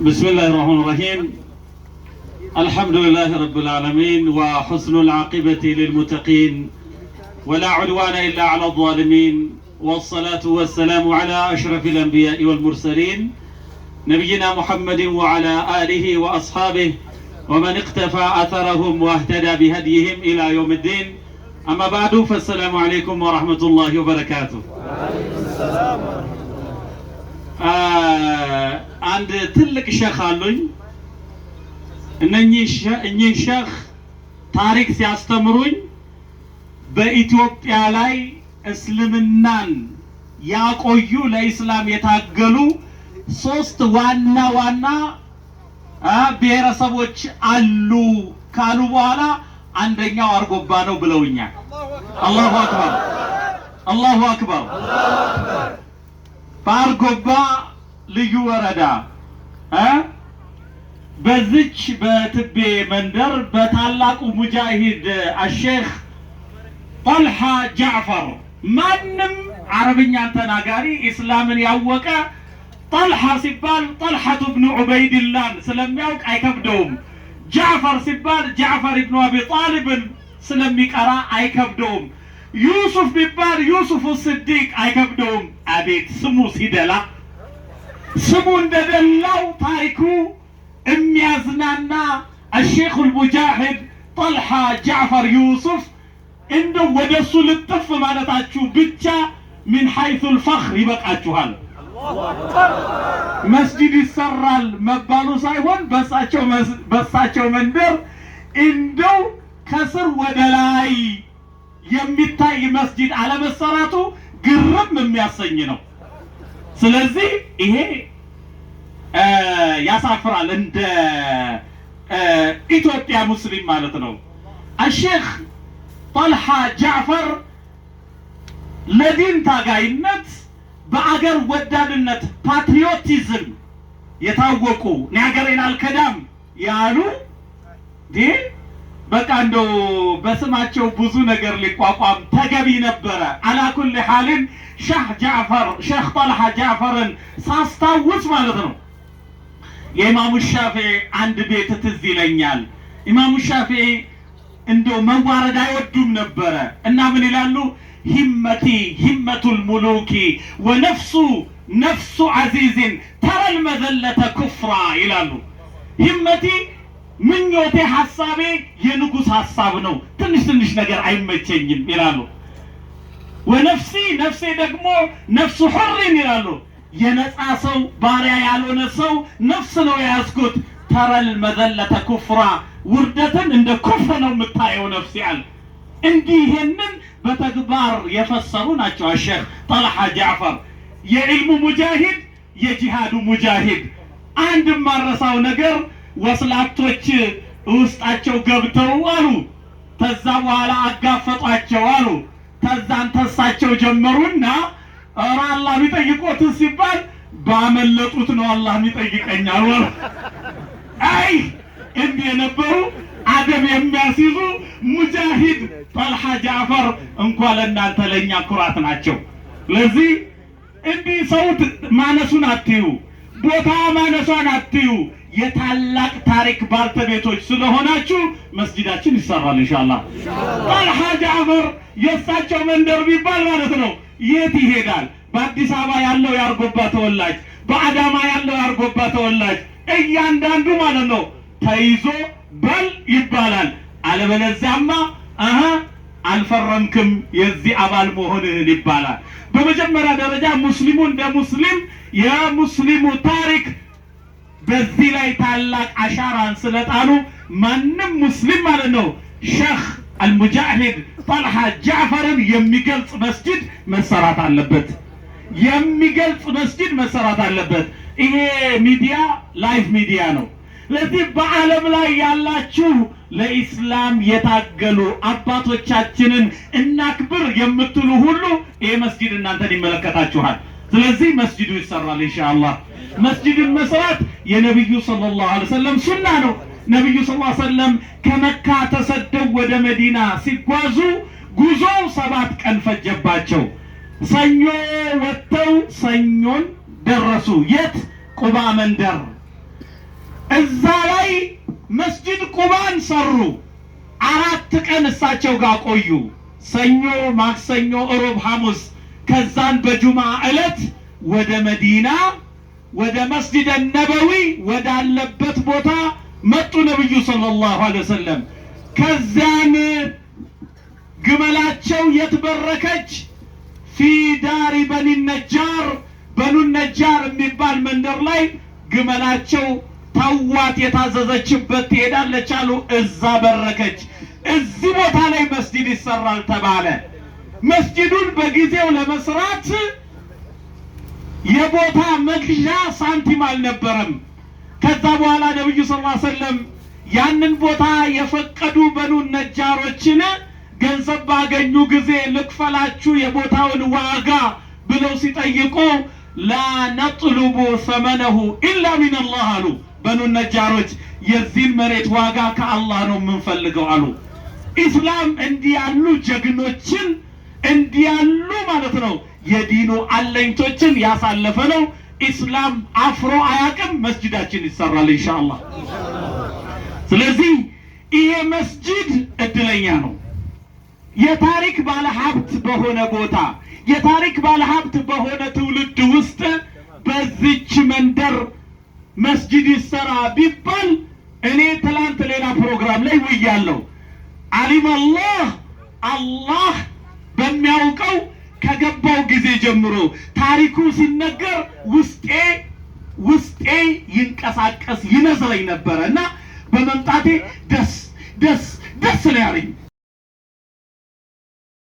بسم الله الرحمن الرحيم الحمد لله رب العالمين وحسن العاقبة للمتقين ولا عدوان إلا على الظالمين والصلاة والسلام على أشرف الأنبياء والمرسلين نبينا محمد وعلى آله وأصحابه ومن اقتفى أثرهم واهتدى بهديهم إلى يوم الدين أما بعد فالسلام عليكم ورحمة الله وبركاته وعليكم السلام ورحمة الله አንድ ትልቅ ሸህ አሉኝ። እኚህ ሸህ ታሪክ ሲያስተምሩኝ በኢትዮጵያ ላይ እስልምናን ያቆዩ ለኢስላም የታገሉ ሶስት ዋና ዋና ብሔረሰቦች አሉ ካሉ በኋላ አንደኛው አርጎባ ነው ብለውኛል። አላሁ አክበር፣ አላሁ አክበር። ባርጎባ ልዩ ወረዳ በዚች በትቤ መንደር በታላቁ ሙጃሂድ አሼክ ጦልሓ ጃዕፈር ማንም አረብኛን ተናጋሪ ኢስላምን ያወቀ ጦልሓ ሲባል ጦልሓቱ ብኑ ዑበይድላን ስለሚያውቅ አይከብደውም። ጃዕፈር ሲባል ጃዕፈር ብኑ አቢ ጣልብን ስለሚቀራ አይከብደውም። ዩሱፍ ቢባል ዩሱፍ ስዲቅ አይከብደውም። አቤት ስሙ ሲደላ ስሙ እንደደላው ታሪኩ የሚያዝናና አሼኹ ልሙጃሂድ ጠልሓ ጃዕፈር ዩሱፍ እንደው ወደሱ ልጥፍ ማለታችሁ ብቻ ምን ሐይሱ ልፈኽር ይበቃችኋል። መስጂድ ይሰራል መባሉ ሳይሆን በሳቸው መንደር እንደው ከስር ወደ ላይ የሚታይ መስጂድ አለመሰራቱ ግርም የሚያሰኝ ነው። ስለዚህ ይሄ ያሳፍራል፣ እንደ ኢትዮጵያ ሙስሊም ማለት ነው። አሼክ ጣልሓ ጃዕፈር ለዲን ታጋይነት በአገር ወዳድነት ፓትሪዮቲዝም የታወቁ እኔ አልከዳም ያሉ በቃ እንደው በስማቸው ብዙ ነገር ሊቋቋም ተገቢ ነበረ። አላኩል ሐልን ሸህ ጃዕፈር ሸህ ጣልሓ ጃዕፈርን ሳስታውስ ማለት ነው የኢማሙ ሻፌ አንድ ቤት ትዝ ይለኛል። ኢማሙ ሻፌ እንደው መዋረድ አይወዱም ነበረ እና ምን ይላሉ? ሂመቲ ሂመቱል ሙሉኪ ወነፍሱ ነፍሱ ዐዚዝን ተረል መዘለተ ኩፍራ ይላሉ ሂመቲ ምኞቴ፣ ሀሳቤ የንጉስ ሀሳብ ነው። ትንሽ ትንሽ ነገር አይመቸኝም ይላሉ። ወነፍሲ ነፍሴ ደግሞ ነፍሱ ሑሪን ይላሉ። የነፃ ሰው ባሪያ ያልሆነ ሰው ነፍስ ነው የያዝኩት። ተረል መዘለተ ኩፍራ ውርደትን እንደ ኩፍር ነው የምታየው ነፍስ ያለ እንዲህ ይህንን በተግባር የፈሰሩ ናቸው። አሸህ ጠልሓ ጃዕፈር የዕልሙ ሙጃሂድ፣ የጂሃዱ ሙጃሂድ። አንድ ማረሳው ነገር ወስላቶች ውስጣቸው ገብተው አሉ። ከዛ በኋላ አጋፈጧቸው አሉ። ከዛን ተሳቸው ጀመሩና ኧረ አላህ ቢጠይቆት ሲባል ባመለጡት ነው አላህ የሚጠይቀኝ አሉ። አይ እንዲህ የነበሩ አደብ የሚያስይዙ ሙጃሂድ ጠልሃ ጃፈር እንኳ ለእናንተ ለእኛ ኩራት ናቸው። ለዚህ እንዲህ ሰውት ማነሱን አትዩ፣ ቦታ ማነሷን አትዩ። የታላቅ ታሪክ ባልተቤቶች ስለሆናችሁ መስጂዳችን ይሰራል እንሻላ አልሀጅ አፈር የእሳቸው መንደር ቢባል ማለት ነው የት ይሄዳል? በአዲስ አበባ ያለው ያርጎባ ተወላጅ፣ በአዳማ ያለው ያርጎባ ተወላጅ እያንዳንዱ ማለት ነው ተይዞ በል ይባላል። አለበለዚያማ አሀ አልፈረምክም የዚህ አባል መሆንህን ይባላል። በመጀመሪያ ደረጃ ሙስሊሙ እንደ ሙስሊም የሙስሊሙ ታሪክ በዚህ ላይ ታላቅ አሻራን ስለጣሉ ማንም ሙስሊም ማለት ነው ሸህ አልሙጃሂድ ጣልሃ ጃዕፈርን የሚገልጽ መስጂድ መሰራት አለበት። የሚገልጽ መስጂድ መሰራት አለበት። ይሄ ሚዲያ ላይቭ ሚዲያ ነው። ስለዚህ በዓለም ላይ ያላችሁ ለኢስላም የታገሉ አባቶቻችንን እናክብር የምትሉ ሁሉ ይሄ መስጅድ እናንተን ይመለከታችኋል። ስለዚህ መስጂዱ ይሰራል ኢንሻአላህ። መስጂድን መስራት የነብዩ ሰለላሁ ዐለይሂ ወሰለም ሱና ነው። ነብዩ ሰለላሁ ዐለይሂ ወሰለም ከመካ ተሰደው ወደ መዲና ሲጓዙ ጉዞ ሰባት ቀን ፈጀባቸው። ሰኞ ወጥተው ሰኞን ደረሱ። የት? ቁባ መንደር። እዛ ላይ መስጂድ ቁባን ሰሩ። አራት ቀን እሳቸው ጋር ቆዩ። ሰኞ፣ ማክሰኞ፣ እሮብ፣ ሐሙስ ከዛን በጁማ ዕለት ወደ መዲና ወደ መስጂድ ነበዊ ወዳለበት ቦታ መጡ ነብዩ ሰለላሁ ዐለይሂ ወሰለም። ከዚያን ግመላቸው የትበረከች ፊ ዳሪ በኒ ነጃር በኑ ነጃር የሚባል መንደር ላይ ግመላቸው ታዋት የታዘዘችበት ትሄዳለች አሉ። እዛ በረከች። እዚህ ቦታ ላይ መስጂድ ይሰራል ተባለ። መስጂዱን በጊዜው ለመስራት የቦታ መግዣ ሳንቲም አልነበረም። ከዛ በኋላ ነብዩ ሰለላሁ ዐለይሂ ወሰለም ያንን ቦታ የፈቀዱ በኑ ነጃሮችን ገንዘብ ባገኙ ጊዜ ልክፈላችሁ የቦታውን ዋጋ ብለው ሲጠይቁ ላ ነጥሉቡ ሰመነሁ ኢላ ሚነላህ አሉ። በኑ ነጃሮች የዚህን መሬት ዋጋ ከአላህ ነው የምንፈልገው አሉ። ኢስላም እንዲህ ያሉ ጀግኖችን እንዲያሉ ማለት ነው የዲኑ አለኝቶችን ያሳለፈ ነው። ኢስላም አፍሮ አያቅም። መስጅዳችን ይሰራል ኢንሻአላህ። ስለዚህ ይሄ መስጅድ እድለኛ ነው። የታሪክ ባለሀብት በሆነ ቦታ የታሪክ ባለሀብት በሆነ ትውልድ ውስጥ በዚች መንደር መስጅድ ይሰራ ቢባል እኔ ትላንት ሌላ ፕሮግራም ላይ ውያለሁ። አሊም አላህ አላህ በሚያውቀው ከገባው ጊዜ ጀምሮ ታሪኩ ሲነገር ውስጤ ውስጤ ይንቀሳቀስ ይመስለኝ ነበረ እና በመምጣቴ ደስ ደስ ደስ ነው ያለኝ።